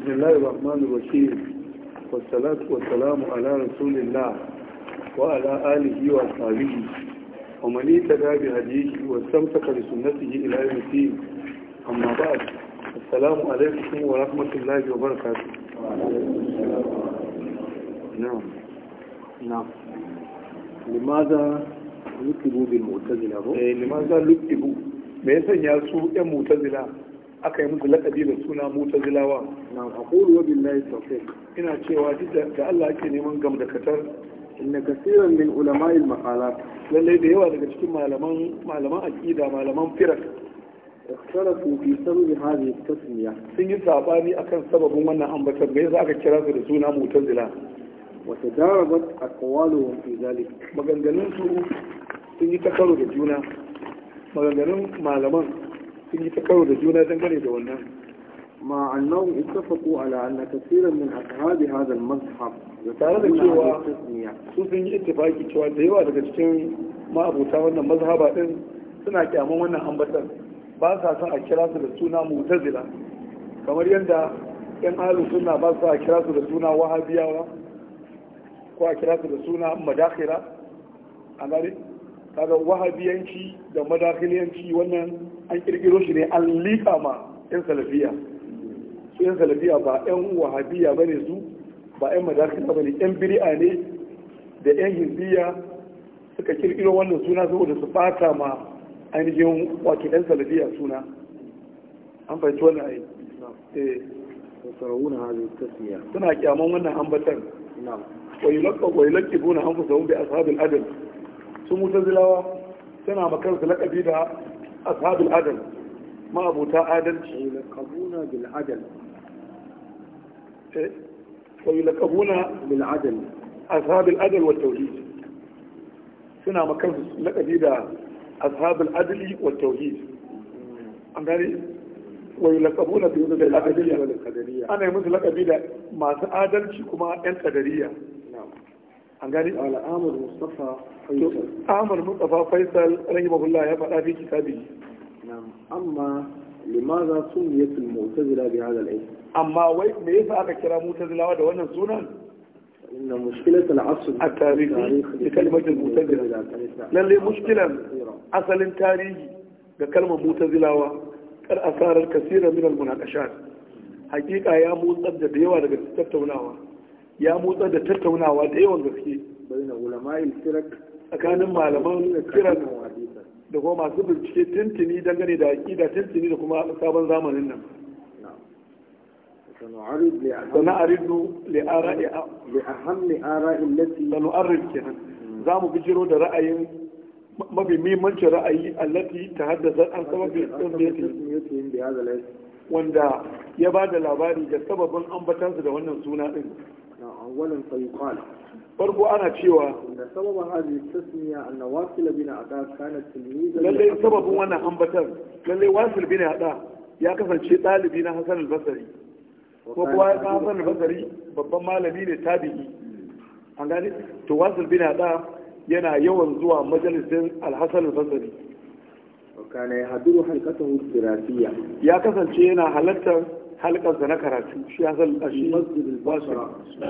بسم الله الرحمن الرحيم والصلاة والسلام على رسول الله وعلى آله وأصحابه ومن اهتدى بهديه واستمسك بسنته إلى يوم الدين أما بعد السلام عليكم ورحمة الله وبركاته نعم نعم لماذا لقبوا بالمعتزلة؟ لماذا لقبوا؟ ما يسمى يسوع المعتزلة؟ aka yi musu lakabi da suna zilawa na haƙuru wa billahi ina cewa duk da Allah ake neman gam da katar inna kaseeran min ulama'il maqalat Lallai da yawa daga cikin malaman malaman aqida malaman firak ikhtalafu fi sababi hadhihi sun yi sabani akan sababin wannan ambatar me yasa aka kira su da suna mutazila wa tadarabat maganganun su sun yi da juna sun yi ta karo da juna dangane da wannan مع أنهم اتفقوا على أن كثيرا من أصحاب هذا المذهب يتعرض cewa su sun yi ittifaki cewa da yawa daga cikin ma'abuta wannan mazhaba din suna kyaman wannan ambatan ba sa son a kira su da suna mutazila kamar yadda yan alu suna ba sa a kira su da suna wahabiyawa ko a kira su da suna madakhira a gari kaga wahabiyanci da madakiliyanci wannan an kirkiro shi ne an lika ma yan salafiya su yan salafiya ba yan wahabiya bane su ba yan madakiliya bane yan bid'a ne da yan hindiya suka kirkiro wannan suna saboda su fata ma ainihin wato yan salafiya suna an fahimci wannan ai eh suna kyaman wannan ambatan na'am wa yulaqqa wa yulaqqibuna anfusahum bi ashabil adl su mutazilawa suna makaranta lakabi da ashabul adal ma'abuta adalci lakabuna bil adal eh ويلقبون بالعدل أصحاب العدل والتوحيد سنة مكان لقبي دا أصحاب العدل والتوحيد أمري ويلقبون بالعدل والقدرية أنا مثل لقبي دا ما سأدل شكما القدرية قالي على عامر مصطفى فيصل عامر مصطفى فيصل رحمه الله يا فقى كتابي نعم اما لماذا سميت المعتزله بهذا الاسم اما ويك ما يفعل الكلام المعتزله هذا وانا سنه ان مشكله العصر التاريخي لكلمه المعتزله لان لي مشكله اصل تاريخي لكلمه المعتزله كان اثار الكثير من المناقشات حقيقه يا موصل ده يوا ده تتتوناوه ya motsa da tattaunawa da yawan gaske bayan ulama'il firak tsakanin malaman firak da kuma masu bincike tuntuni dangane da aƙida tuntuni da kuma sabon zamanin nan سنعرض لآراء لأهم آراء التي سنعرض بجرو رأي ما an رأي التي تحدثت عن سبب تسميتهم بهذا الاسم وندا يبادل لاباري ده سبب أنبتانس da wannan سونا din. awwalan fa farko ana cewa da sababa hadhihi tasmiya anna wasil bin ada kana lalle sababin wannan ambatar lalle ya kasance dalibi na Hassan al ko kuwa Hassan al-Basri babban malami ne tabi'i an gani to wasil bin haɗa yana yawan zuwa majalisin al-Hassan kana ya ya kasance yana halartar halkarsa na karatu shi ya san shi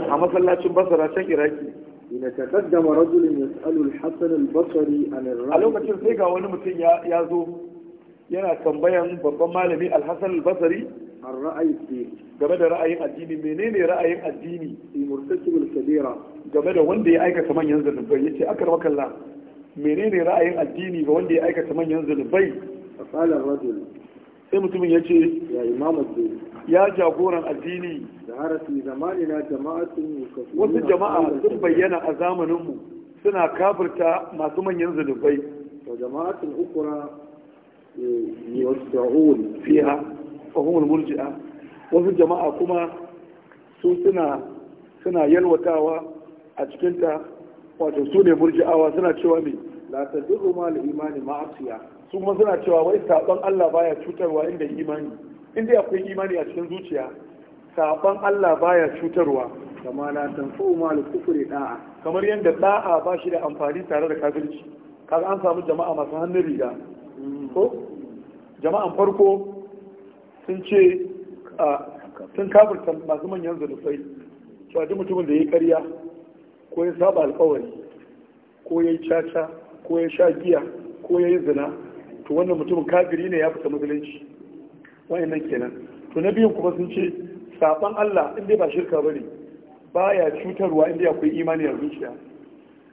a masallacin basara can iraki ina taqaddama rajulun yas'alu al-hasan al-basri an ar-ra'y a lokacin sai ga wani mutum ya zo yana tambayan babban malami Alhassan hasan al-basri ar-ra'yi game da ra'ayin addini menene ra'ayin addini fi murtakib al-kabira game da wanda ya aikata manyan zunubai zanubai yace akar makalla menene ra'ayin addini ga wanda ya aikata manyan zunubai? fa qala ar-rajul sai mutumin ya ce. ya imamu ya jagoran addini wasu jama'a sun bayyana a zamaninmu suna kafirta masu manyan zunubai ukura eh, fiha wasu jama'a kuma su suna suna yalwatawa a cikinta wato su ne murji'awa suna cewa mai latar duk ma imani ma'asiya su kuma suna cewa wai saɓon Allah baya cutarwa inda imani in dai akwai imani a cikin zuciya saban Allah baya cutarwa kama la tanfu mal kufri da'a kamar yadda da'a ba shi da amfani tare da kafirci kaga an samu jama'a masu hannun riga ko jama'an farko sun ce sun kafirta masu manyan zalufai cewa duk mutumin da ya yi karya ko ya saba alkawari ko ya yi caca ko ya sha giya ko ya yi zina to wannan mutumin kafiri ne ya fita musulunci wayannan kenan to na biyun kuma sun ce saban Allah in dai ba shirka bane baya cutarwa in dai akwai imani a zuciya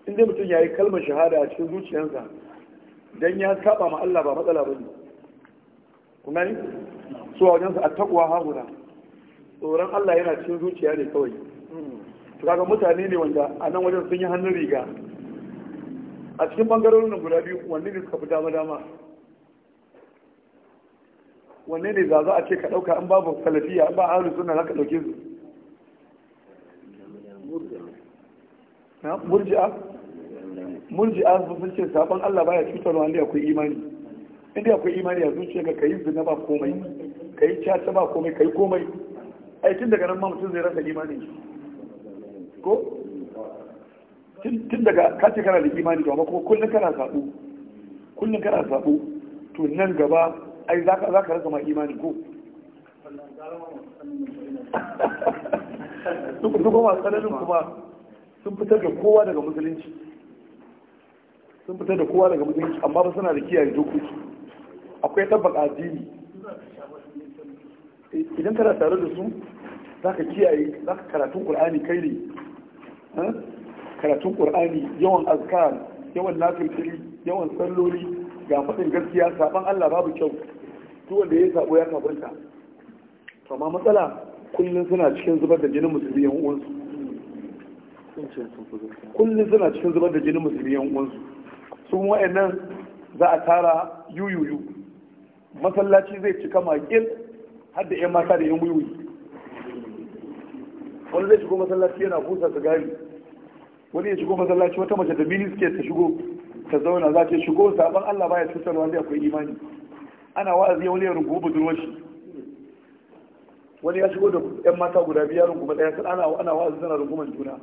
in dai mutum yayi kalmar shahada a cikin zuciyarsa dan ya saba ma Allah ba matsala bane kuma ne so a wajen sa attaqwa tsoron Allah yana cikin zuciya ne kawai to kaga mutane ne wanda a nan wajen sun yi hannun riga a cikin bangarorin guda biyu wanne ne suka fi dama dama wanne ne za a ce ka ɗauka an babu salafiya an ba ahlus sunna za ka ɗauke su murji'a murji'a sun ce sabon Allah baya wa inda akwai imani inda akwai imani a zuciya ga kayi zina ba komai kayi caca ba komai kayi komai aikin daga nan ma mutum zai rasa imani ko tun daga kace kana da imani to amma kuma kullum kana sabu kullum kana sabu to nan gaba ai za ka rasa ma imani ko su kuma sanarin kuma sun fitar da kowa daga musulunci sun fitar da kowa daga musulunci amma ba suna da kiyaye dokoki akwai tabbaka addini idan kana tare da su za ka kiyaye za ka karatun ƙul'ani kai ne karatun ƙul'ani yawan azkar yawan nafirfili yawan salloli ga faɗin gaskiya sabon allah babu kyau duk wanda ya sabo ya kafirta to amma matsala kullum suna cikin zubar da jinin musulmi yan uwansu kullum suna cikin zubar da jinin musulmi yan uwansu sun wa'annan za a tara yuyuyu masallaci zai cika makil har da yan mata da yan wiwi wani zai shigo masallaci yana busa gari wani ya shigo masallaci wata mace da suke ta shigo ta zauna za ta shigo sabon allah baya cutarwa zai akwai imani ana wa'azi wani ya rungu budurwar shi wani ya shigo da yan mata guda biyar rungu ɗaya sai ana ana wa'azi rungu man juna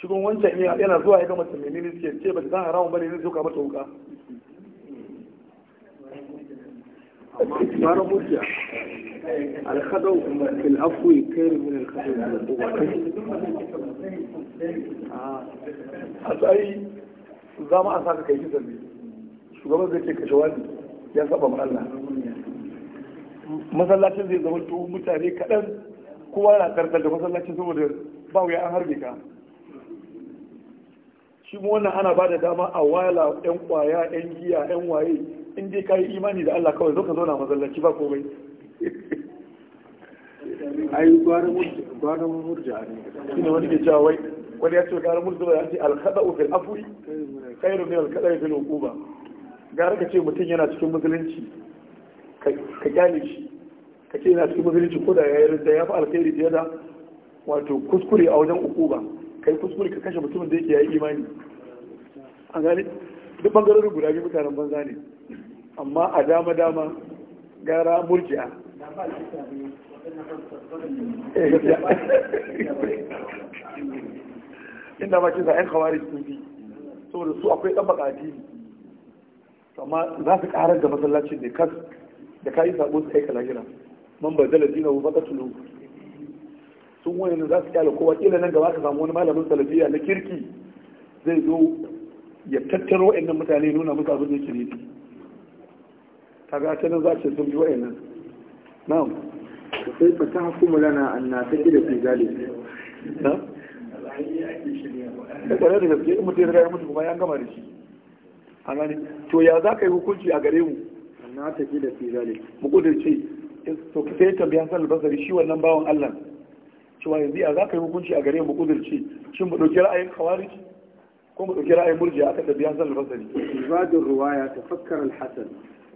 shigon wancan yana zuwa ya gama tsammani ne suke ce ba ta san haramun bane ne zo ka mata wuka bara mutiya alkhadau fil afwi kayr min alkhadau fil a tsayi za mu an saka kai shi ne. shugaban zai ce kashe wani ya saba ma Allah masallacin zai zama to mutane kaɗan kowa na karkar da masallacin saboda ba wuya an harbe ka shi mu wannan ana ba da dama a wala ɗan kwaya ɗan giya ɗan waye in dai ka yi imani da Allah kawai zo ka zauna masallaci ba komai ai gwaran murja ne shine wani ke cewa wai wani ya ce gwaran murja da ya ce alkhada'u fil afwi kairu min alkhada'i fil uquba gara ka ce mutum yana cikin musulunci ka kyale shi ka ce yana cikin musulunci ko da yayin da ya fi alkhairi da da wato kuskure a wajen uku ba kai kuskure ka kashe mutumin da yake yayi imani an gane duk bangarorin guda biyu mutanen banza ne amma a dama dama gara murji'a inda ma kisa yan kawari sun fi saboda su akwai ɗan baka addini amma za su karar da masallacin ne kas da kayi sabo su kai kalahira man ba zala dina wa faka tulu sun wani za su kyale kowa kila nan gaba ka samu wani malamin salafiya na kirki zai zo ya tattaro wa'annan mutane nuna musu abin da yake ne kaga ta nan za ce sun bi wa'annan na'am sai fa ta hukumu lana an na ta kida fi zalik na da kwarar da gaske in mutum ya riga ya mutu kuma ya gama da shi a gani to ya za ka yi hukunci a gare mu na tafi da fi zalik mu kudurce to ka sai tambayan san albasari shi wannan bawan Allah cewa yanzu ya za ka yi hukunci a gare mu kudurce shin mu dauki ra'ayin khawarij ko mu dauki ra'ayin murji aka tambayan san albasari ibadul ruwaya tafakkar al-hasan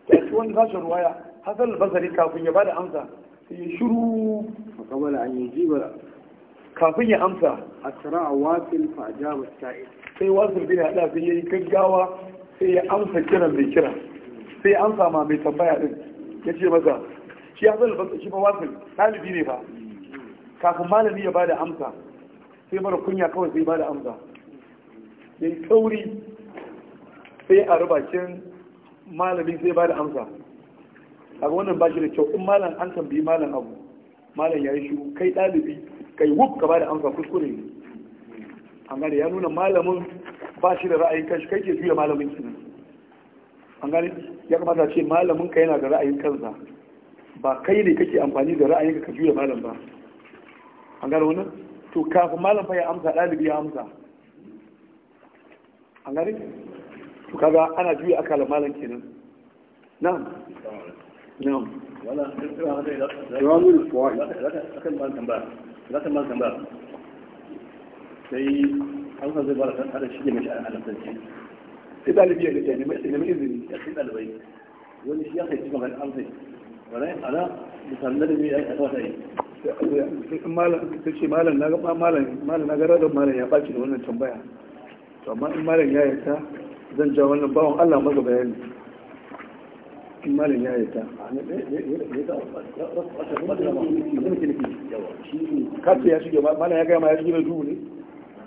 ta ci wani zashen ruwaya hasan albasari kafin ya bada amsa sai ya shiru makamala an yi jibar kafin ya amsa a tsara a wasil fa sa'id sai wasil bin haɗa sai ya yi gaggawa sai ya amsa kiran mai kira sai ya amsa ma mai tambaya din ya ce maza shi ya zala da shi ba wasu ɗalibi ne ba kafin malami ya bada amsa sai mara kunya kawai sai bada amsa ya yi tauri sai a rubakin malami sai bada amsa a wannan ba shi da kyau in malam an tambayi malam abu malam ya yi shi kai ɗalibi kai wuf ka bada amsa kuskure ne amma da ya nuna malamin ba shi da ra'ayin kanshi kai ke juya malamin ki an gani ya kamata ce malamin ka yana da ra'ayin kansa ba kai ne kake amfani da ra'ayin ka juya malam ba an gani wannan to kafin malam fa ya amsa dalibi ya amsa an gani to kaga ana juya akalan malam kenan na'am na'am wala an zai bara kan hada shi ne mashi alasanci sai ne mai izini ya sai dalibai wani shi ya kai cikin kan arzai wani ya misalin da ya yi a tsada yi ta ce malam na gaba malam na gara da malam ya ɓaci da wannan tambaya to amma in malam ya yarda zan ja wannan bawan allah maza bayani in malam ya yarda ce ya shige malam ya gaya ma ya shige na duhu ne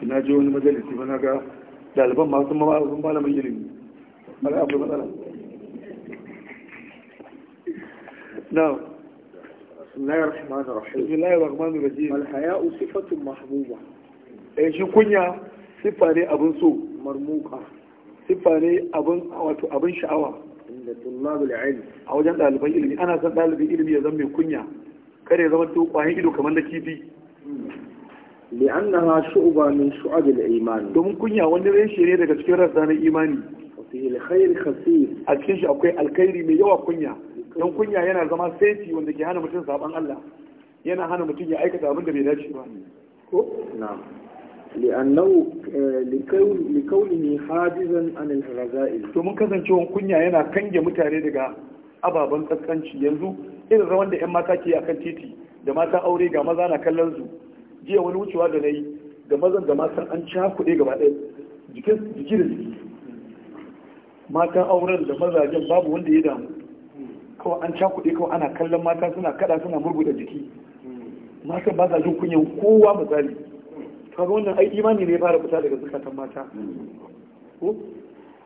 na je wani majalisi ba na ga ɗaliban masu mamakon malamin ilimi mara abu matsala na bismillahir na rahim bismillahir rahmanir rahim alhaya haya'u sifatun mahbuba eh shi kunya siffa ne abin so marmuka siffa ne abin wato abin sha'awa inda tullabul ilm a wajen ɗaliban ilimi ana san ɗalibin ilimi ya zama mai kunya kare zama to kwahin ido kamar da kifi hmm. li'annaha shu'ba min shu'ab al-iman domin kunya wani reshe ne daga cikin rassa na imani fihi al-khair khafif a cikin shi akwai alkhairi mai yawa kunya don kunya yana zama saiti wanda ke hana mutum saban Allah yana hana mutum ya aikata abin da bai dace ba ko na'am لأنه لكونه حاجزا عن الرذائل to kunya yana kange mutane daga ababen kaskanci yanzu irin rawan da 'yan mata ke akan titi da matan aure ga maza na kallon su jiya wani wucewa da na yi da mazan da matan an cakuɗe gaba ɗaya jikin jiki da jiki matan auren da mazajen babu wanda ya damu kawai an cakuɗe kawai ana kallon mata suna kaɗa suna murgu da jiki matan ba sa jin kunyan kowa misali kaga wannan ai imani ne ya fara fita daga zukatan mata ko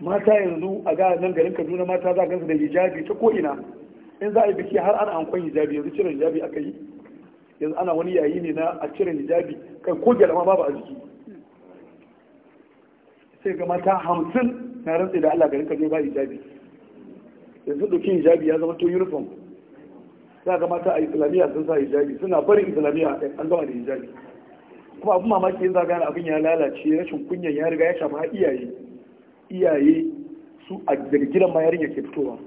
mata yanzu a ga nan garin Kaduna mata za gansu da hijabi ta ko ina in za a yi biki har ana ankon hijabi yanzu cire hijabi aka yi yanzu ana wani yayi ne na a cire hijabi kai ko gyalama babu a jiki sai ga mata hamsin na rantsi da Allah garin ka je ba hijabi yanzu dokin hijabi ya zama to uniform za ga mata a islamiyya sun sa hijabi suna barin islamiyya an gama da hijabi kuma abin mamaki yanzu gane abin ya lalace rashin kunyan ya riga ya shafa iyaye iyaye su a daga gidan ma yarinya ke fitowa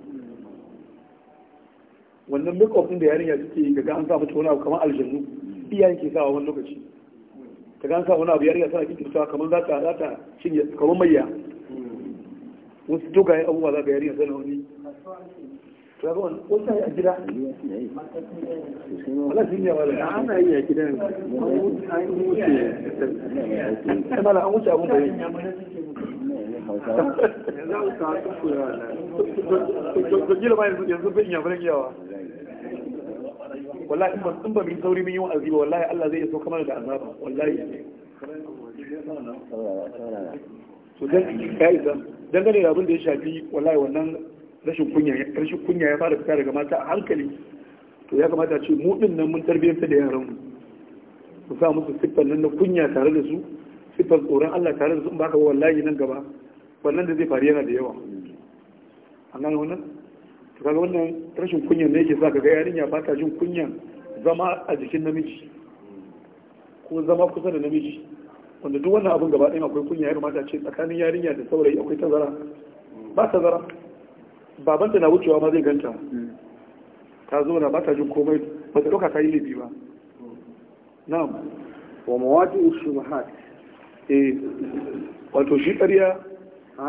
wannan makeup din da yarinya suke yi kaga an sa mata wani abu kamar aljannu iyayen ke sawa wani lokaci kaga an sa wani abu yarinya tana kamar za ta za ta cinye kamar mayya wasu abubuwa za ga yarinya tana wani a gida wala sun yi wala ana yi a an wuce ai mala an abun ya. yi yanzu hausawa yanzu bai yawa wallahi in ba in ba min sauri min yi wa'azi ba wallahi Allah zai so kamar da azaba wallahi to dan kai dan dangane da abin da ya shafi wallahi wannan rashin kunya rashin kunya ya fara fitar daga mata a hankali to ya kamata a ce mu din nan mun tarbiyyanta da yaran mu mu sa musu siffar nan na kunya tare da su siffar tsoron Allah tare da su in baka wallahi nan gaba wannan da zai faru yana da yawa an gane wannan to kaga wannan rashin kunyan ne yake sa kaga yarinya ba ta jin kunyan zama a jikin namiji ko zama kusa da namiji wanda duk wannan abin gaba ɗaya akwai kunya ya kamata ce tsakanin yarinya da saurayi akwai tazara ba tazara babanta na wucewa ma zai ganta ta zo na ba ta jin komai ba ta ɗauka ta yi laifi ba na'am wa mawadi ushubhat eh wato shi ƙarya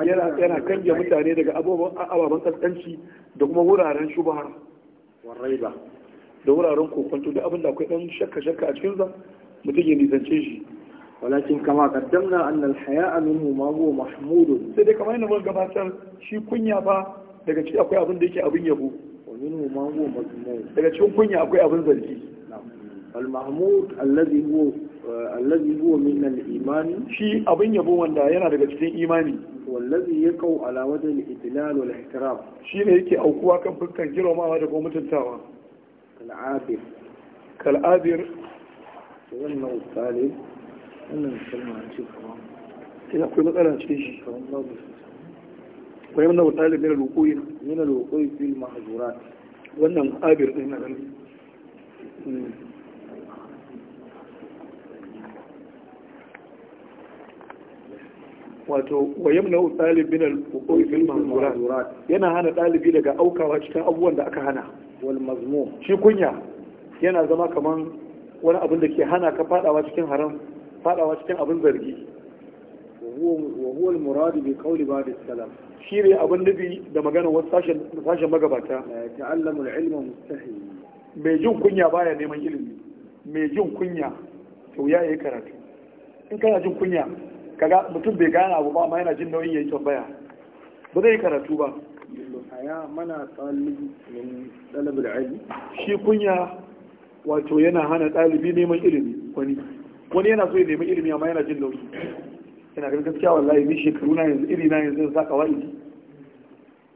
yana kange mutane daga ababen kaskanci da kuma wuraren shubar da wuraren kokonto da abin da akwai dan shakka shakka a cikin sa mutum ya nisance shi walakin kama na anna al-haya'a minhu ma huwa mahmudun sai dai kamar yadda muka gabatar shi kunya ba daga ciki akwai abin da yake abin yabo wa minhu ma huwa mazmum daga cikin kunya akwai abin zargi al-mahmud huwa allazi huwa min al-iman shi abin yabo wanda yana daga cikin imani wallazi yaqau ala wajhi al-itlal wal ihtiram shi ne yake aukuwa kan fuskar girmamawa da kuma mutuntawa kal'abir kal'abir wannan tsale wannan kalma ce kuma ina koyi matsala cikin shi wannan tsale ne lokoyi ne lokoyi fil mahzurat wannan abir din nan wato wa yamna talib min al-huquq fil mahzurat yana hana ɗalibi daga aukawa cikin abubuwan da aka hana wal mazmum shi kunya yana zama kaman wani abin da ke hana ka fadawa cikin haram fadawa cikin abin zargi wa huwa al-murad bi qawli ba'd as shi ne abin nabi da maganar wasu sashen sashen magabata ta'allamu al-ilma mustahil mai jin kunya baya neman ilimi mai jin kunya to ya yi karatu in kana jin kunya kaga mutum bai gane abu ba amma yana jin nauyin yayi tambaya ba zai karatu ba haya mana tsalli min dalibul ilmi shi kunya wato yana hana ɗalibi neman ilimi wani wani yana so ya nemi ilimi amma yana jin nauyi yana ganin gaskiya wallahi ni shekaru na yanzu iri na yanzu sa kawai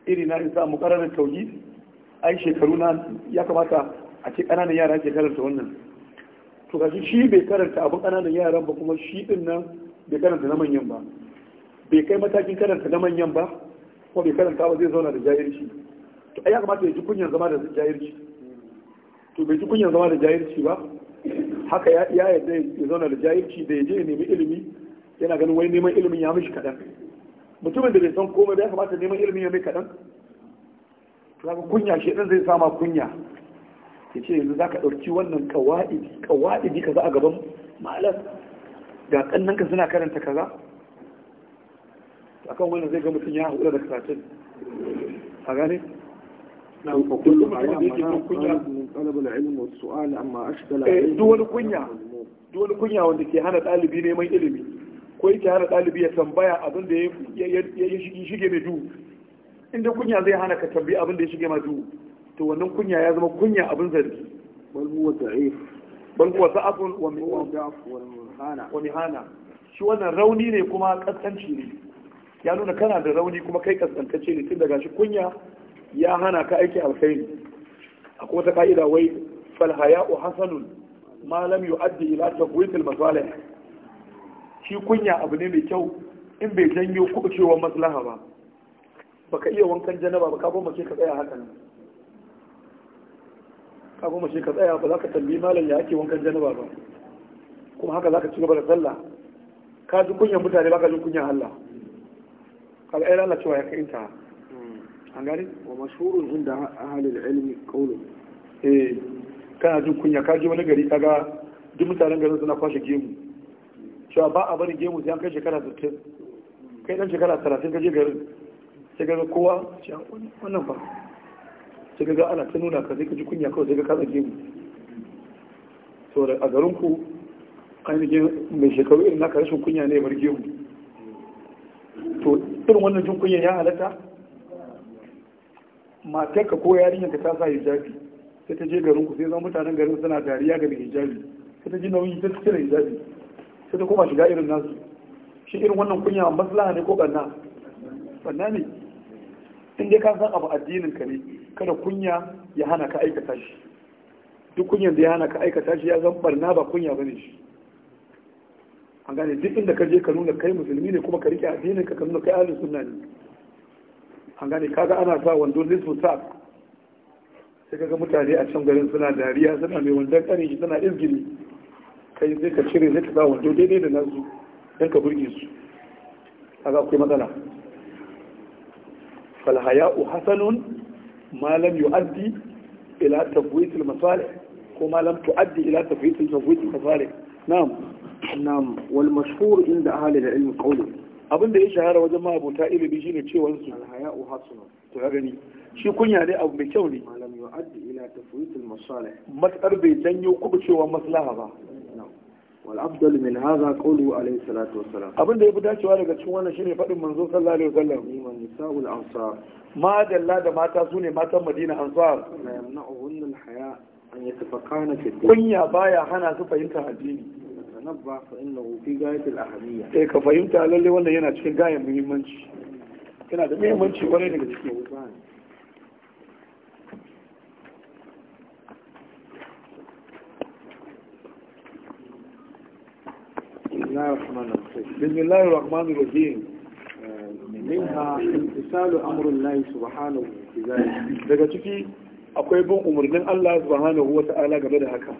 iri na yanzu mu karanta tauhid ai shekaru na ya kamata a ce ƙananan yara ke karanta wannan to ga shi bai karanta abin ƙananan yaran ba kuma shi ɗin nan bai karanta na manyan ba bai kai matakin karanta na manyan ba ko bai karanta ba zai zauna da jahilci to ai ya kamata ya ji kunyar zama da jahilci to bai ji kunyar zama da jahilci ba haka ya yarda ya zauna da jahilci da ya je ya nemi ilimi yana ganin wai neman ilimin ya mishi kaɗan mutumin da bai san komai ba ya kamata neman ilimin ya mai kaɗan to kunya shi ɗin zai sama kunya ya ce yanzu za ka ɗauki wannan kawa'idi kawa'idi kaza a gaban malam ga ƙannan ka suna karanta kaza akan wannan zai ga mutum ya haɗu da karatun a gane وكل ما دول كنيا دول كنيا wanda ke hana ɗalibi neman ilimi ko yake hana ɗalibi ya tambaya abin da ya shige mai duhu inda kunya zai hana ka tambayi abin da ya shige ma duhu to wannan kunya ya zama kunya abin zargi bal huwa da'if bal huwa da'afun wa min huwa da'af wa hana. wa hana shi wannan rauni ne kuma kaskanci ne ya nuna kana da rauni kuma kai kaskantacce ne tun daga shi kunya ya hana ka aiki alkhairi akwai wata ka'ida wai fal haya'u hasanun ma lam yu'addi ila tabwitil masalih shi kunya abu ne mai kyau in bai janyo kubucewar maslaha ba baka iya wankan janaba ba ka bar ka tsaya haka nan ka goma shi ka tsaya ba za ka tambayi malam ya ake wankan janaba ba kuma haka za ka ci gaba da sallah ka ji kunyan mutane ba ka ji kunyan Allah ka ga ayyana cewa ya kai ta hmm. an gani wa mashhurun inda ahlul ilmi qawlu eh kana ji kunya ka ji wani gari kaga duk mutanen garin suna kwashe gemu cewa ba a bari gemu sai an kai shekara 60 kai dan shekara 30 ka je garin sai ga kowa wannan fa sai ga ana ta nuna ka sai ka ji kunya kawai sai ka kasa gemu da a garin ku ainihin mai shekaru irin naka rashin kunya ne bar gemu to irin wannan jin kunya ya halatta matarka ko ka ta sa hijabi sai ta je garin ku sai zan mutanen garin suna dariya ga hijabi sai ta ji nauyi ta cire hijabi sai ta koma shiga irin nasu shi irin wannan kunya maslaha ne ko banna banna ne in dai ka san abu addinin ka ne kada kunya ya hana ka aikata shi duk kunya da ya hana ka aikata shi ya zan barna ba kunya bane shi an gane duk inda ka je ka nuna kai musulmi ne kuma ka rike addinin ka ka nuna kai ahlus sunna ne an gane kaga ana sa wando lissu sa sai kaga mutane a can garin suna dariya suna mai wandon kare shi suna izgiri kai sai ka cire sai ka sa wando daidai da nasu dan ka burge su kaga akwai matsala فالحياء حسن malam yu'addi ila tabwitil masalih ko malam tu'addi ila tabwitil tabwitil masalih na'am na'am wal mashhur inda ahli al-ilm qawlu abin da ya shahara wajen ma'abota ilimi shine cewa su al-haya'u hasunun to ya gani shi kunya dai abu mai kyau ne malam yu'addi ila tabwitil masalih matsar bai janyo kubucewa maslaha ba والافضل من هذا قوله عليه الصلاه والسلام ابن da yafi dacewa daga cikin wannan shine fadin manzo sallallahu alaihi wasallam liman nisaul ansar ma da mata sune matan madina ansar la yamna'uhun al haya an yatafakana fi din kunya baya hana su fahimta addini nabba fa innahu fi gayat al ahadiyya eh ka fahimta lalle wannan yana cikin gayan muhimmanci yana da muhimmanci kwarai daga cikin بسم الله الرحمن الرحيم منها امتثال امر الله سبحانه بذلك daga ciki akwai bin umarnin Allah subhanahu wa ta'ala game da haka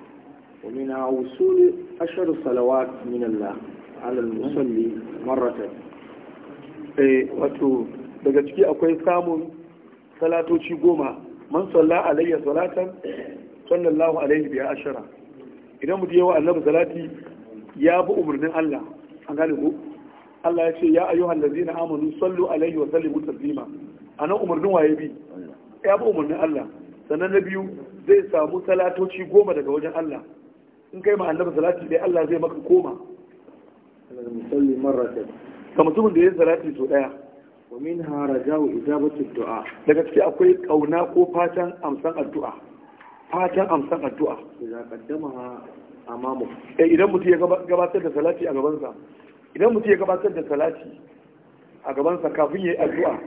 wa min usul ashar salawat min Allah ala al-musalli marratan eh wato daga ciki akwai samun salatoci goma man salla alayya salatan sallallahu alaihi bi ashara idan mutum yawa annabi salati ya bi umarnin Allah an gane ko. Allah ya ce ya ayyuhal ladzina amanu sallu alaihi wa sallimu taslima nan umarnin waye bi ya bi umarnin Allah sannan na biyu zai samu talatoci goma daga wajen Allah in kai ma annabi salati dai Allah zai maka koma musalli marratan ka mutumin da ya salati so daya wa minha rajau ijabatu du'a daga ciki akwai kauna ko fatan amsan addu'a fatan amsan addu'a idan kaddama amamu eh idan mutum ya gabatar da salati a gabansa idan mutum ya gabatar da salati a gabansa kafin ya yi addu'a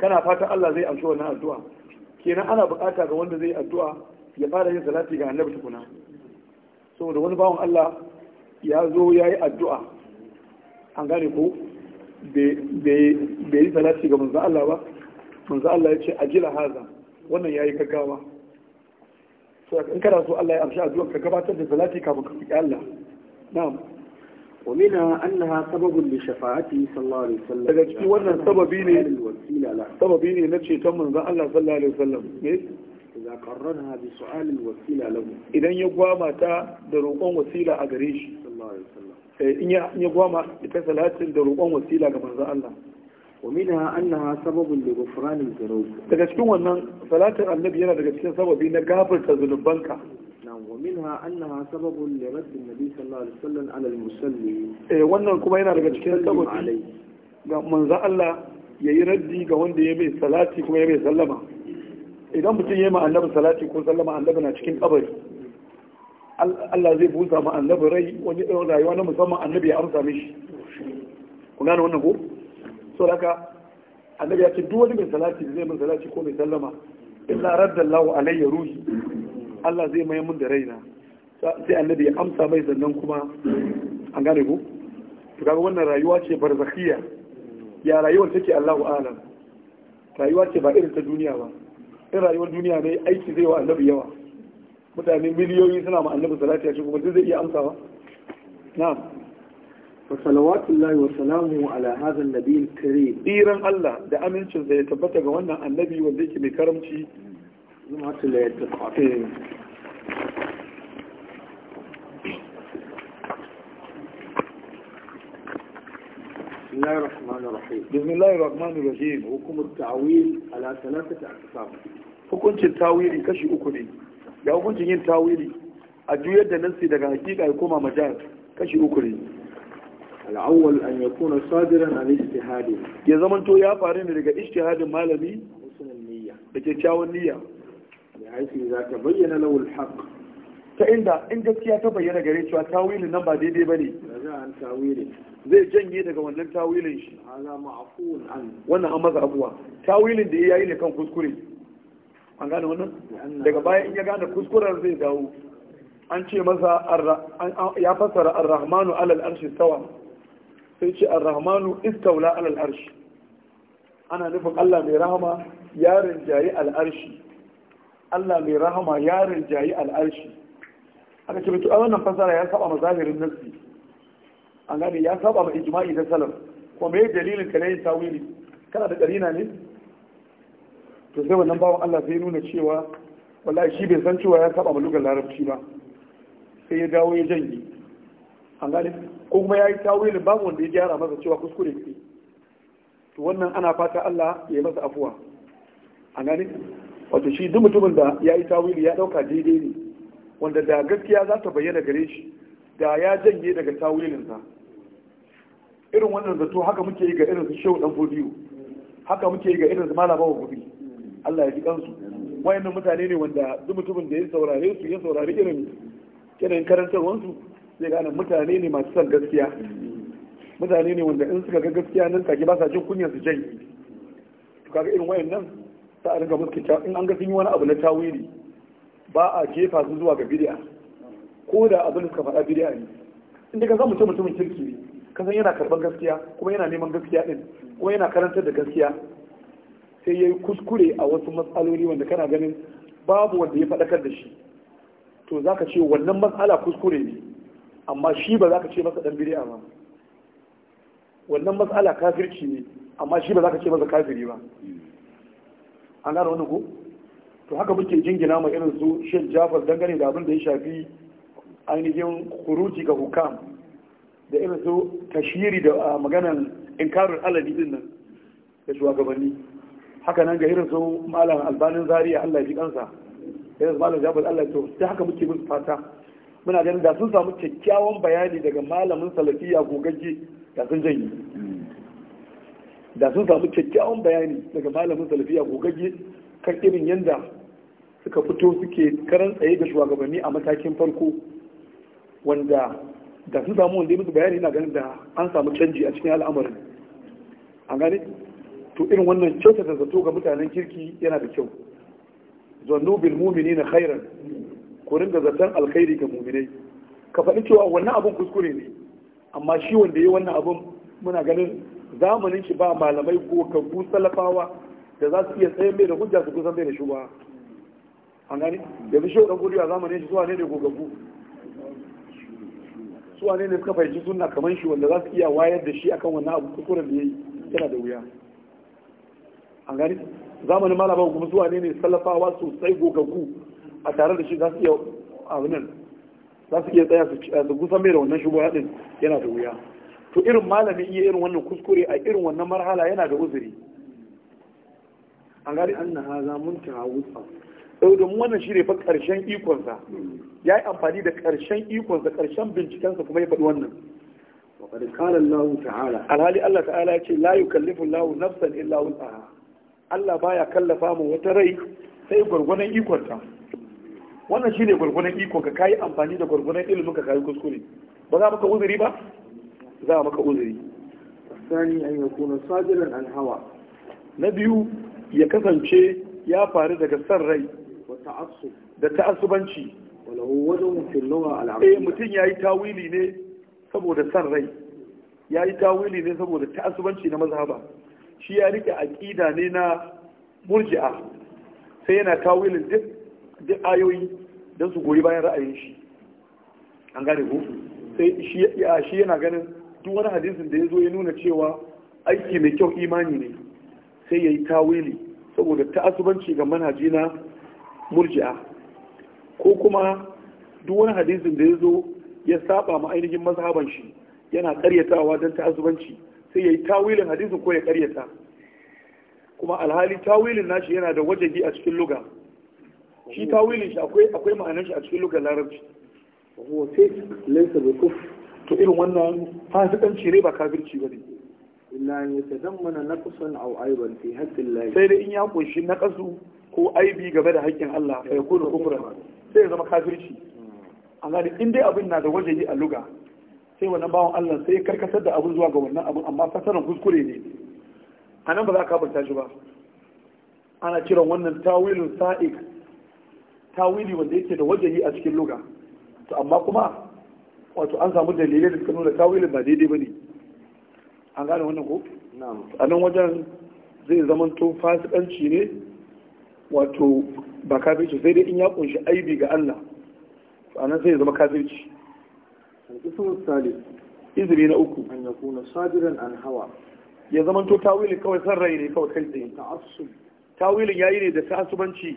kana fata Allah zai amshi wannan addu'a kenan ana bukata ga wanda zai addu'a ya fara yin salati ga annabi tukuna saboda wani bawan Allah ya zo ya yi addu'a an gane ko bai yi salati ga manzo Allah ba manzo Allah ya ce ajila haza wannan yayi yi gaggawa so in kana so Allah ya amshi addu'a ka gabatar da salati kafin ka roki Allah na'am ومنها أنها سبب لشفاعته صلى daga cikin wannan sababi ne sababi ne na ceton manzon Allah sallallahu alaihi wasallam إذا قرنها ya الوسيلة له إذا يقوى ما تا دروقون وسيلة أدريش صلى الله عليه وسلم إن يقوى ما إتسالات دروقون وسيلة ومنها أنها سبب لغفران الذنوب daga cikin wannan salatin annabi yana daga cikin sababi na gafarta zunubanka nan ومنها أنها سبب لرد النبي صلى الله عليه وسلم على المصلي eh wannan kuma yana daga cikin sababi ga manzo Allah yayi raddi ga wanda ya mai salati kuma ya bai sallama idan mutum ya yi annabi salati ko sallama annabi na cikin kabari Allah zai busa ma annabi rai wani rayuwa na musamman annabi ya amsa mishi ku wannan ko so a daga ya ce duk wani mai salati zai mun salati ko mai sallama illa raddallahu alayya ruhi Allah zai mai mun da raina sai annabi ya amsa mai sannan kuma an gane ku to kaga wannan rayuwa ce barzakhiya ya rayuwar take Allahu alam rayuwa ce ba irin ta duniya ba in rayuwar duniya ne aiki zai wa annabi yawa mutane miliyoyi suna ma annabi salati ya ce kuma zai iya amsawa na'am فصلوات الله وسلامه على هذا النبي الكريم ديران الله ده أمنشن زي تبتغ وانا النبي والذيك بكرمتي زمعة لا يتقعتين بسم الله الرحمن بسم الله الرحمن الرحيم حكم التعويل على ثلاثة أقسام hukuncin التعويل kashi uku ne ga hukuncin yin tawiri a juyar da nan sai daga hakika ya koma kashi al'awwal an kuna sadiran an ijtihadi ya zamanto ya faru ne daga ijtihadin malami da kyakkyawan niyya da haifi za ta bayyana lawul haqq ta inda in gaskiya ta bayyana gare cewa tawilin nan ba daidai ba ne. zai janye daga wannan tawilin shi wannan an masa abuwa tawilin da ya yi ne kan kuskure an gane wannan daga baya in ya gane kuskuren zai dawo an ce masa ya fassara ar-rahmanu alal arshi sawa sai ce ar-rahmanu istaula alal arshi ana nufin Allah mai rahama ya rinjayi al'arshi Allah mai rahama ya rinjayi al'arshi aka ce mutu a wannan fasara ya saba ma zahirin nasi. an gane ya saba ma ijma'i da salam Ko me dalilin ka yin tawili kana da karina ne to sai wannan bawan Allah sai nuna cewa wallahi shi bai san cewa ya saba ma lugar larabci ba sai ya dawo ya janye an gane ko kuma ya yi tawili babu wanda ya gyara masa cewa kuskure ne to wannan ana fata Allah ya yi masa afuwa an gane wato shi duk mutumin da ya yi tawili ya dauka daidai ne wanda da gaskiya za ta bayyana gare shi da ya janye daga tawilinsa irin wannan zato haka muke yi ga irin su shehu dan fodiyo haka muke yi ga irin su malama wa gobe Allah ya ji kansu wayannan mutane ne wanda duk mutumin da ya saurare su ya saurari irin irin karantarwansu sai gane mutane ne masu son gaskiya mutane ne wanda in suka ga gaskiya nan kage ba sa jin kunyar su janyi to kaga irin wayannan sai a ringa musu in an ga sun yi wani abu na tawili ba a jefa su zuwa ga bid'a ko da abin da suka faɗa bid'a ne in daga zan mutum mutumin kirki ne ka san yana karban gaskiya kuma yana neman gaskiya din kuma yana karantar da gaskiya sai yayi kuskure a wasu matsaloli wanda kana ganin babu wanda ya faɗakar da shi to zaka ce wannan matsala kuskure ne amma shi ba za ka ce masa dan bid'a ba wannan matsala kafirci ne amma shi ba za ka ce masa kafiri ba an gane wani ko to haka muke jingina ma irin su shek jafar dangane da abin da ya shafi ainihin kuruci ga hukam da irin su tashiri da ah, maganan inkarar alali din nan da shugabanni haka nan ga irin su malam albanin Zariya, allah ji kansa irin su malam jafar allah to sai haka muke musu fata muna ganin da sun samu kyakkyawan bayani daga malamin salafiya gogagge da sun yi da sun samu kyakkyawan bayani daga malamin salafiya gogagge kan irin yadda suka fito suke karan tsaye da shugabanni a matakin farko wanda da sun samu wanda yi musu bayani na ganin da an samu canji a cikin al'amarin a gane to irin wannan kyautata zato ga mutanen kirki yana da kyau zannu mumini na khairan ku ringa zaton alkhairi ga muminai ka faɗi cewa wannan abun kuskure ne amma shi wanda ya wannan abun muna ganin zamanin shi ba malamai gogaggu salafawa da za su iya tsayin mai da hujja su kusan mai da ba an gani yanzu shi wadannan gudu a zamanin shi suwa ne ne gogagu? suwa ne ne suka fahimci sunna kamar shi wanda za su iya wayar da shi akan wannan abu kuskure da ya yi yana da wuya an gani zamanin malaman kuma suwa ne ne salafawa sosai gogagu? a tare da shi za su iya abinan za su iya tsaya su gusa mai da wannan shubuha din yana da wuya to irin malamin iya irin wannan kuskure a irin wannan marhala yana da uzuri an gari an na haza muntaha wutsa eh, da wannan shi ne fa ƙarshen ikonsa ya yi amfani da ƙarshen ikonsa ƙarshen bincikensa kuma ya faɗi wannan وقد قال الله تعالى الهالي الله تعالى يقول لا يكلف Allah نفسا إلا kallafa mu wata rai sai سيقول ikonta. wannan shi ne gwargwadon iko ka kayi amfani da gwargwadon ilimin ka kayi kuskure ba za maka uzuri ba za maka uzuri sani an yi kuna sajilan an hawa na biyu ya kasance ya faru daga san rai da ta'assubanci walahu wajen mutum lawa al'amari eh mutum tawili ne saboda san rai ya yi tawili ne saboda ta'assubanci na mazhaba shi ya rike aqida ne na murji'a sai yana tawilin duk duk ayoyi don su goyi bayan ra'ayin shi an gane ko sai shi yana ganin duk wani hadisin da ya zo ya nuna cewa aiki mai kyau imani ne sai ya yi tawili saboda ta'asubanci ga manhaji na murji'a ko kuma duk wani hadisin da ya zo ya saba ma ainihin mazhaban shi yana karyatawa don ta'asubanci sai ya yi tawilin hadisin ko ya karyata kuma alhali tawilin nashi yana da wajabi a cikin lugar shi tawilin shi akwai akwai ma'anar shi a cikin lugar larabci wa fisk laysa bi kuf to irin wannan fasikanci ne ba kafirci bane illa an yatadammana naqsan aw aiban fi haqqillah sai dai in ya kunshi naqasu ko aibi game da haƙƙin Allah fa yakunu kufra sai ya zama kafirci amma in dai abin na da yi a luga sai wannan bawon Allah sai karkatar da abin zuwa ga wannan abin amma fasaran kuskure ne a nan ba za ka banta shi ba ana kiran wannan tawilun sa'ik tawili wanda yake da wajahi a cikin lugha to amma kuma wato an samu dalilai da suka nuna tawilin ba daidai ba ne an gane wannan ko a nan wajen zai zama to fasikanci ne wato ba kafirci sai dai in ya kunshi aibi ga Allah to anan sai ya zama kafirci al-ismu salis izini na uku an yakuna sadiran an hawa ya zama to tawilin kawai san rai ne kawai kai tsaye ta'assub tawilin yayi ne da ta'assubanci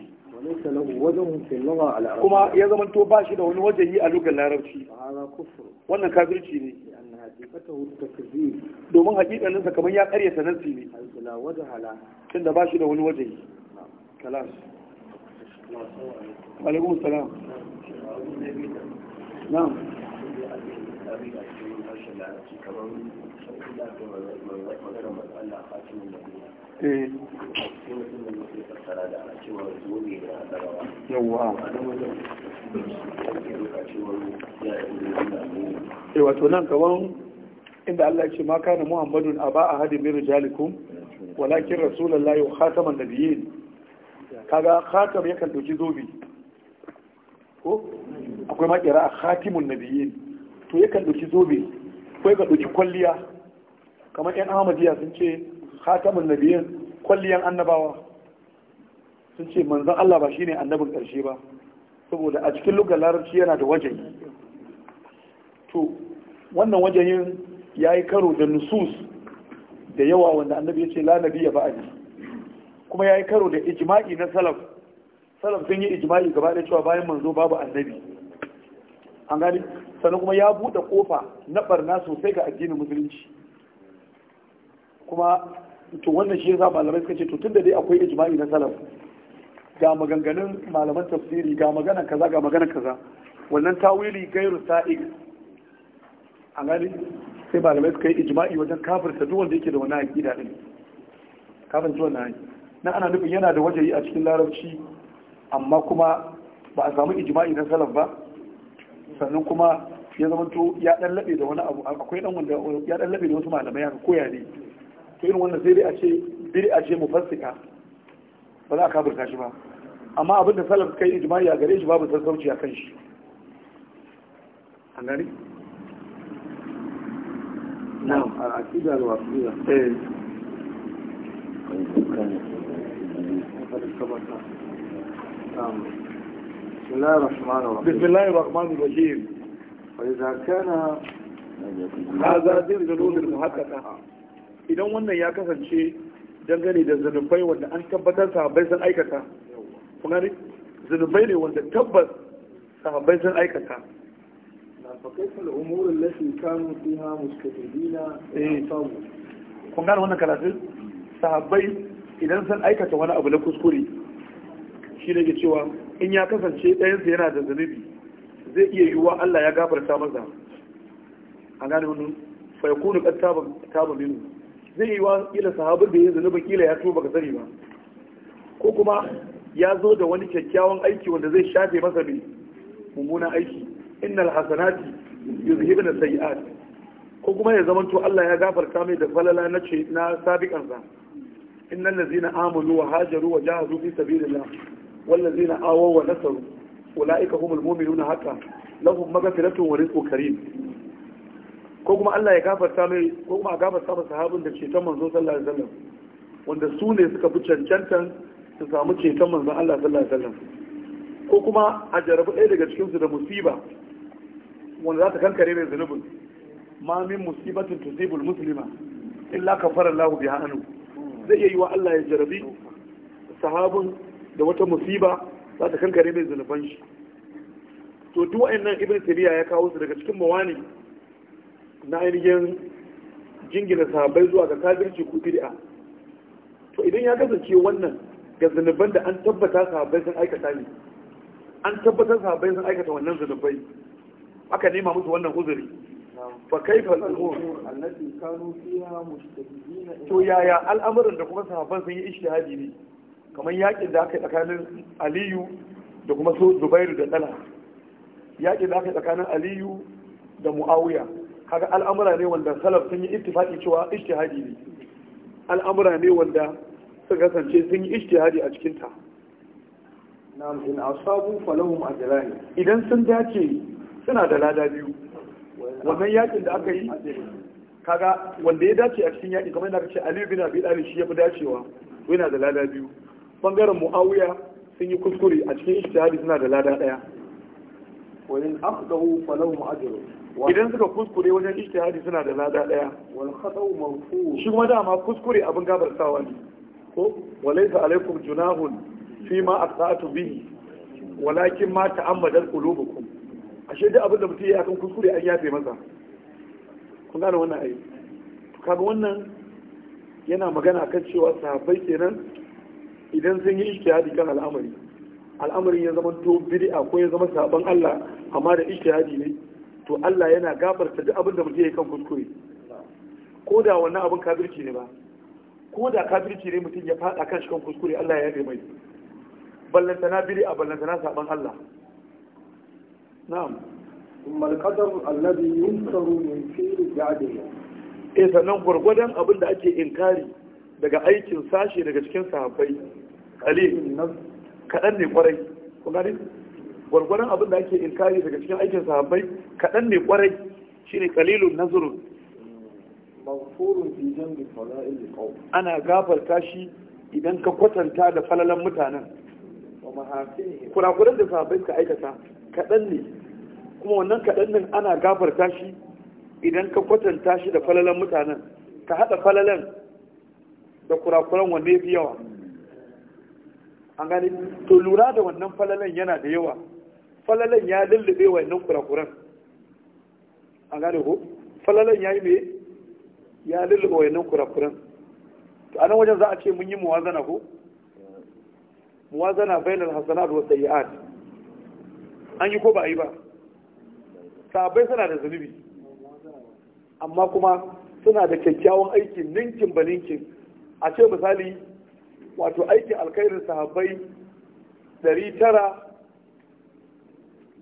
kuma ya zamanto ba shi da wani wajayi a lugar larabci wannan kafirci ne domin hakikaninsa kamar ya karya sanarci ne tun da ba shi da wani wajayi yi alaikun salam na'am kamar Eh. eh wato nan kawan inda Allah ya ce ma kana muhammadun aba hadin min rijalikum walakin rasulullahi wa khataman nabiyyin kaga khatam yakan dauki zobe ko akwai makira a khatimun nabiyyin to yakan dauki zobe kai ga dauki kwalliya kamar yan ahmadiyya sun ce khatamun nabiyin kwalliyan annabawa sun ce manzon Allah ba shine annabin ƙarshe ba saboda a cikin lugar larabci yana da wajen to wannan yin ya yi karo da nusus da yawa wanda annabi ya ce la ba ba'adi kuma ya yi karo da ijma'i na salaf salaf sun yi ijma'i gaba da cewa bayan manzo babu annabi an gani sannan kuma ya buɗe ƙofa na barna sosai ga addinin musulunci kuma to wannan shi yasa malamai suka ce to tunda dai akwai ijma'i na salaf ga maganganun malaman tafsiri ga magana kaza ga magana kaza wannan tawili gairu sa'id A gani sai malamai suka yi ijma'i wajen kafirta duk wanda yake da wani aqida din kafin zuwa na na ana nufin yana da wajayi a cikin larabci amma kuma ba a samu ijma'i na salaf ba sannan kuma ya zama to ya dan labe da wani abu akwai dan wanda ya dan labe da wasu malamai haka koya ne كين ونزيري أشي ديري أشي مفسكة فلا أكابر كاشبا أما أبدا سلف كي إجماعي أقل إيش باب أكنش أنني نعم أكيد الوافية بسم الله الرحمن الرحيم بسم الله الرحمن الرحيم فإذا كان هذا دين جنود المهدد idan wannan ya kasance dangane da zunubai wanda an tabbatar sahabbai sun aikata kuma ne zunubai ne wanda tabbas sahabbai sun aikata فكيف الأمور التي كانوا فيها مستفيدين kun gane wannan karatun sahabbai idan sun aikata wani abu na kuskure shi ne ke cewa in ya kasance ɗayansa yana da zunubi zai iya yiwuwa Allah ya gafarta masa a gane wani faikunu kan taba minu zai yi wa kila sahabin da ya zunuba kila ya tuba ka sani ba ko kuma ya zo da wani kyakkyawan aiki wanda zai shafe masa ne mummunan aiki innal hasanati yuzhibna sayi'at ko kuma ya zamanto Allah ya gafarta mai da falala na ce na sabikan sa innal ladzina amanu wa hajaru wa jahadu fi sabilillah wal ladzina awaw wa nasaru ulaika humul mu'minuna haqqan lahum maghfiratun wa rizqun karim ko kuma Allah ya gafarta mai ko kuma a gafarta masa sahabin da ceton manzo sallallahu alaihi wasallam wanda su ne suka fi cancantan su samu ceton manzon Allah sallallahu alaihi wasallam ko kuma a jarabi ɗaya daga cikin su da musiba wanda za ta kankare mai zunubin ma min musibatin tusibul muslima illa kafara Allah biha anu zai iya yi wa Allah ya jarabi sahabin da wata musiba za ta kankare mai zunuban shi to duk wa'annan ibn tabiya ya kawo su daga cikin mawani na ainihin jingina sahabbai zuwa ga kafirci ko bid'a to idan ya kasance wannan ga zanuban da an tabbata sahabbai sun aikata ne an tabbatar sahabbai sun aikata wannan zanubai aka nema musu wannan uzuri fa kaifa al-umur allati kanu fiha mujtahidin to yaya al'amuran da kuma sahabban sun yi ijtihadi ne kamar yakin da aka yi tsakanin Aliyu da kuma so Zubairu da Talha yakin da aka yi tsakanin Aliyu da Muawiya kaga al'amura ne wanda salaf sun yi ittifaki cewa ijtihadi ne al'amura ne wanda suka kasance sun yi ijtihadi a cikin ta na'am in asabu falahum ajrani idan sun dace suna da lada biyu wannan yakin da aka yi kaga wanda ya dace a cikin yaki kamar yadda ce Ali bin Abi Talib shi ya fi dacewa yana da lada biyu bangaren Muawiya sun yi kuskure a cikin ijtihadi suna da lada daya wa in aqdahu falahum ajrun idan suka kuskure wajen ijtihadi suna da lada daya wal khata'u marfu shi kuma dama kuskure abin gabar sawa ne ko walaysa alaikum junahun fi ma asatu bihi walakin ma ta'ammadat qulubukum ashe duk abin da mutum ya kan kuskure an yafe masa kun gane wannan ayi to kaga wannan yana magana kan cewa sahabbai kenan idan sun yi ijtihadi kan al'amari al'amarin ya zama to bid'a ko ya zama sabon Allah amma da ijtihadi ne to Allah yana gafarta duk abin da mutum ya kan kuskure ko da wannan abin kafirci ne ba ko da kafirci ne mutum ya fada kan shi kan kuskure Allah ya yabe mai na biri a na saban Allah na'am ثم القدر alladhi ينكر min فعل بعده eh sannan gurgudan abin da ake inkari daga aikin sashe daga cikin sahabbai Ali, kaɗan ne kwarai kun gani gwargwaron abin da ake inkari daga cikin aikin sahabbai kaɗan ne kwarai shine kalilun Nazarun. ana gafarta shi idan ka kwatanta da falalan mutanen kurakuran da sahabbai suka aikata kaɗan ne kuma wannan kaɗan nan ana gafarta shi idan ka kwatanta shi da falalan mutanen ka haɗa falalan da kurakuran wanne fi yawa an gani to lura da wannan falalan yana da yawa falalan ya lullube wa nan kurakuran an gane ko falalan ya yi me ya lullube nan kurakuran to anan wajen za a ce mun yi muwazana ko muwazana bainal hasanat wa sayyi'at an yi ko ba a yi ba sabai suna da zunubi amma kuma suna da kyakkyawan aiki ninkin ba ninkin a ce misali wato aikin alkairin sahabbai 900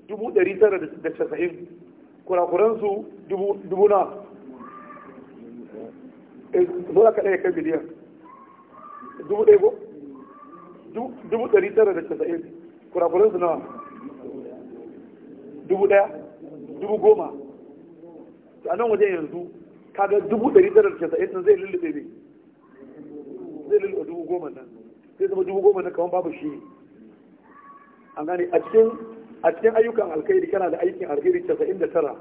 dubu ɗari tara da casa'in kurakuransu dubu na zuwa eh, kaɗa ya kai miliyan dubu ɗaya ko dubu ɗari tara da casa'in kurakuransu na dubu ɗaya dubu goma a nan wajen yanzu kaga dubu ɗari tara da casa'in nan zai lullube ne zai lullube dubu goma nan sai zama dubu goma nan kamar babu shi an gane a cikin a cikin ayyukan alkhairi kana da aikin alkhairi 99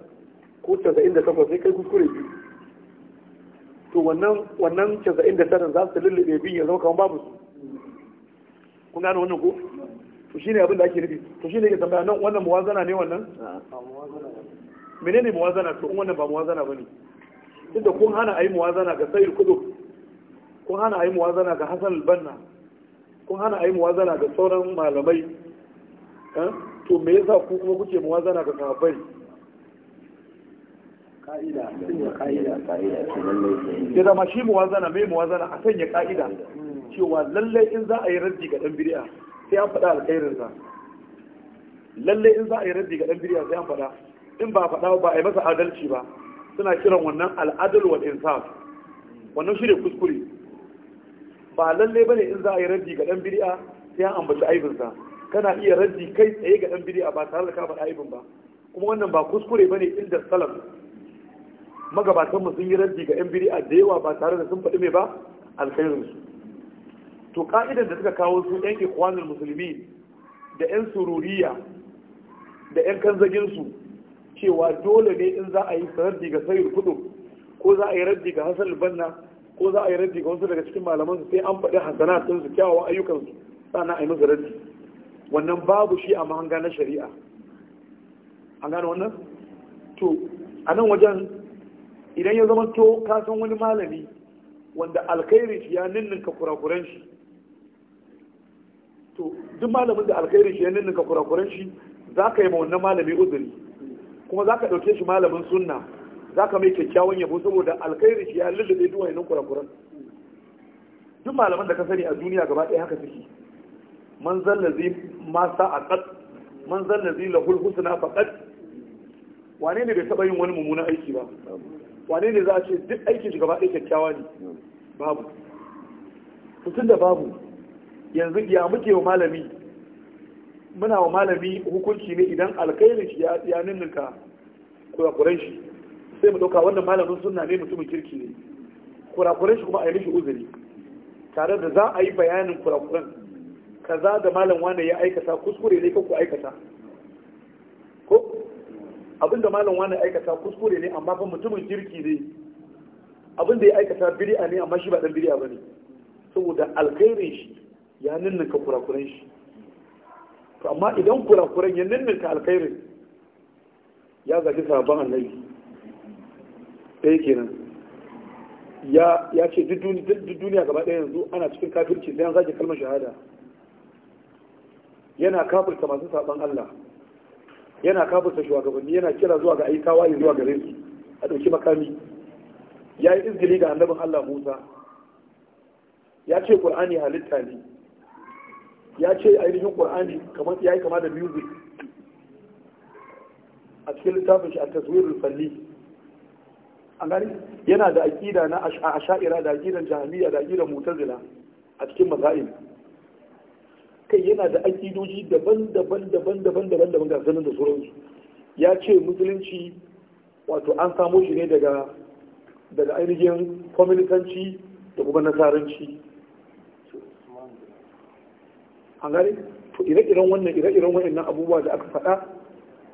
ko 98 sai kai kuskure biyu to wannan da 99 za su lullube biyu ya zama babu su kun gane wannan ko to shine abin da ake nufi to shine yake tambaya nan wannan muwazana ne wannan menene muwazana to in wannan ba muwazana bane duk da kun hana ayi muwazana ga sayyid Kudu? kun hana ayi muwazana ga hasan albanna banna kun hana ayi muwazana ga sauran malamai Eh? to me yasa ku kuma kuke muwazana ga kafai ka'ida ka'ida ka'ida ce lallai ya zama shi muwazana mai muwazana a sanya ka'ida cewa lallai in za a yi raddi ga dan bid'a sai an faɗa alkhairin sa lallai in za a yi raddi ga dan bid'a sai an faɗa in ba faɗa ba a yi masa adalci ba suna kiran wannan al'adal wal insaf wannan shi ne kuskure ba lallai bane in za a yi raddi ga dan bid'a sai an ambaci aibinsa kana iya raddi kai tsaye ga dan bid'a ba tare da ka faɗa ba kuma wannan ba kuskure bane inda salaf magabatan mu sun yi raddi ga yan bid'a da yawa ba tare da sun faɗi mai ba alkhairin su to ka'idan da suka kawo su yan ikwanul musulmi da yan sururiya da yan kanzagin su cewa dole ne in za a yi raddi ga sayyid kudu ko za a yi raji ga hasan banna ko za a yi raddi ga wasu daga cikin malaman su sai an faɗi sun su kyawawan ayyukan su sannan a yi musu raji wannan babu shi a mahanga na shari'a an gane wannan to a nan wajen idan ya zama to ka san wani malami wanda alkhairi shi ya ninninka kurakuran shi to duk malamin da alkhairi shi ya ninninka kurakuran shi za ka yi ma wannan malami uzuri kuma za ka ɗauke shi malamin sunna za ka mai kyakkyawan yabo saboda alkhairi shi ya lullube duwayenin kurakuran duk malaman da ka sani a duniya gaba ɗaya haka suke man zallazi ma sa'aqat man zallazi lahul husna faqat wane ne bai taba yin wani mummunan aiki ba wane ne za a ce duk aikin shi gaba kyakkyawa ne babu tun da babu yanzu ya muke wa malami muna wa malami hukunci ne idan alkhairin shi ya ninninka kurakuran shi sai mu ɗauka wannan malamin sunna ne mutumin kirki ne kurakuran shi kuma a yi mishi uzuri tare da za a yi bayanin kurakuran kaza da malam wane ya aikata kuskure ne ku aikata ko abin da malam wane aikata kuskure ne amma fa mutumin jirki ne abin da ya aikata bid'a ne amma shi ba dan bid'a bane saboda alkhairin shi ya ninninka kurakuran shi to amma idan kurakuran ya ninninka alkhairin ya zaki sabon annabi ɗaya kenan ya ce duk duniya gaba ɗaya yanzu ana cikin kafirci sai an zaki kalmar shahada yana kafirta masu saban Allah yana kafirta shugabanni yana kira zuwa ga aikawa ya zuwa gare su a ɗauki makami ya yi izgili ga annabin Allah Musa ya ce Qur'ani halitta ne ya ce ainihin Qur'ani kamar ya yi kama da music a cikin littafin shi a taswirin falli an gani yana da aƙida na asha'ira da aqidan jahiliya da aqidan mutazila a cikin masail kai yana da akidoji daban-daban daban-daban daban-daban ga sanin da sauransu ya ce musulunci wato an samo shi ne daga daga ainihin kwamilikanci da kuma nasaranci an gari to ire-iren wannan ire-iren wa'annan abubuwa da aka faɗa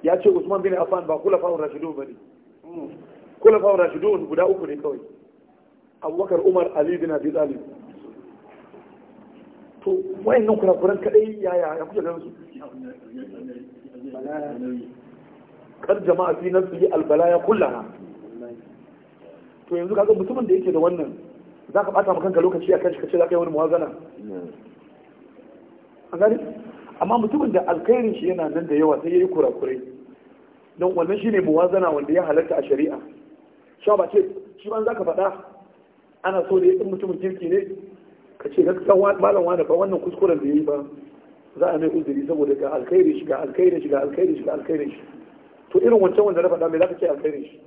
ya ce usman bin afan ba kula fa'un rashidun ba ne hmm. kula fa'un wani guda uku ne kawai abubakar umar ali bin abi talib to wayan nan kurakuran kadai yaya ya kuke ganin su kar jama'a fi nan su yi albalaya to yanzu kaga mutumin da yake da wannan za ka bata kanka lokaci a kan shi kace za ka yi wani muwazana a gani amma mutumin da alkhairin shi yana nan da yawa sai yayi kurakurai don wannan ne muwazana wanda ya halatta a shari'a sha ba ce shi ban ka faɗa ana so da in mutumin kirki ne ka ce na san malam wani ba wannan kuskuren da ya yi ba za a mai uzuri saboda ga alkhairi shi ga alkhairi shi ga alkhairi shi ga alkhairi shi to irin wancan wanda na faɗa mai za ka ce alkhairi shi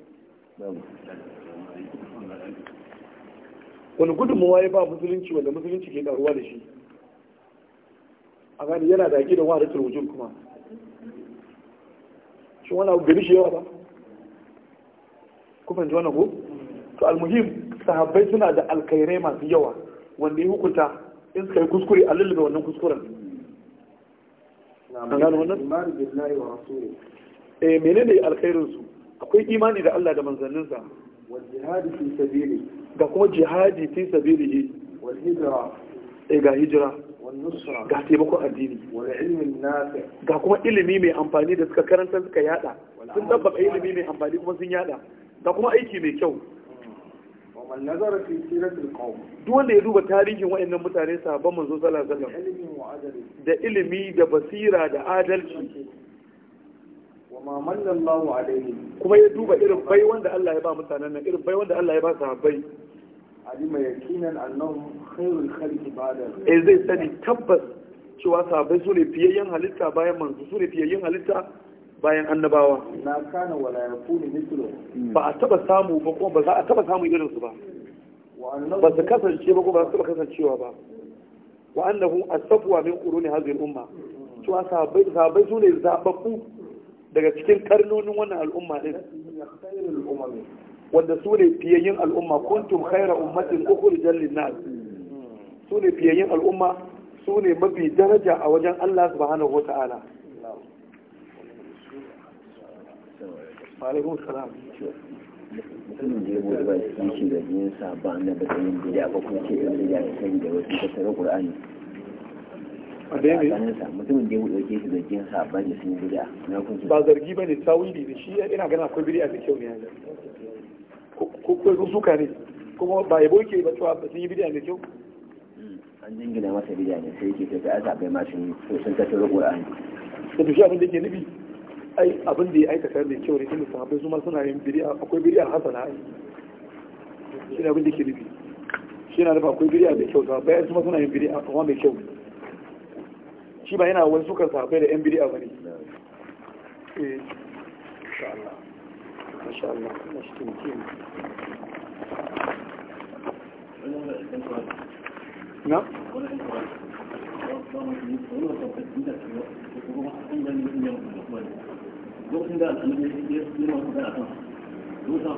wani gudunmawa ya ba musulunci wanda musulunci ke karuwa da shi a gani yana da da wani wujin kuma shi wani abu gari shi yawa ba kuma fahimci wannan ko to almuhim sahabbai suna da alkhairai masu yawa wanda ya hukunta in suka yi kuskure a lullube wannan kuskuren an gano wannan eh menene alkhairin su akwai imani da Allah da manzanninsa wal jihadi fi sabili ga kuma jihadi fi sabilihi wal hijra eh ga hijira ga taimakon addini ga kuma ilimi mai amfani da suka karanta suka yada sun dabbaka ilimi mai amfani kuma sun yada ga kuma aiki mai kyau man nazara fi siratil wanda ya duba tarihin wayannan mutane sahabban manzo sallallahu alaihi wasallam da ilimi da basira da adalci wa ma alaihi kuma ya duba irin bai wanda Allah ya ba mutanen nan irin bai wanda Allah ya ba sahabbai alima yakinan annahum khairul khalqi ba'da eh zai sani tabbas cewa sahabbai su ne fiyayyen halitta bayan manzo su ne fiyayyen halitta bayan annabawa na kana wala kuni mithlu hmm. ba a taba samu ba kuma ba za a taba samu irin su ba ba su kasance ba kuma ba su taba kasancewa ba wa annahu asfwa min quruni hadhihi al-umma to sahabbai sahabbai sune zababbu daga cikin karnonin wannan al'umma din wanda su ne fiyayyin al'umma kuntum khaira ummatin ukhrijal lin-nas hmm. su ne fiyayyin al'umma su ne mafi daraja a wajen Allah subhanahu wa ta'ala alaikum salam mutumin da ya goyi ba shi shi da yin sa ba da yin ba kuma ce yin bidiya da da ba ba zargi ne shi ina ganin akwai biriya da kyau ne Ko kai ko suka ne kuma ba yabo ke ba cewa ba sun yi biriya da kyau hmm, an jingina masa bidiya ne sai ke tafi ga aka bai mashin tattara qur'ani abin da nufi ai abin da ya aikata da kyau ne tunda sahabbai su ma suna yin bid'a akwai bid'a hasana ai shi ne abin da ke nufi shi yana nufi akwai bid'a mai kyau sahabbai su ma suna yin bid'a kuma mai kyau shi ba yana wani sukan sahabbai da yan bid'a bane eh insha Allah insha Allah na lokacin da annabi ya yi masu da akan musa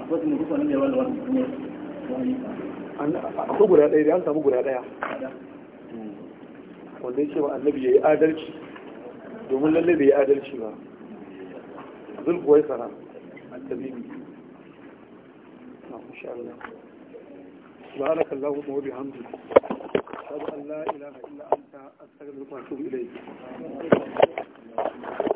akwai ne musa ne ya wala wani kuma akwai guda ɗaya da an samu guda ɗaya wanda ya ce wa annabi ya yi adalci domin lalle bai yi adalci ba zulkuwai sana al-tabibi na insha Allah سبحانك اللهم وبحمدك أشهد أن لا إله إلا أنت أستغفرك وأتوب إليك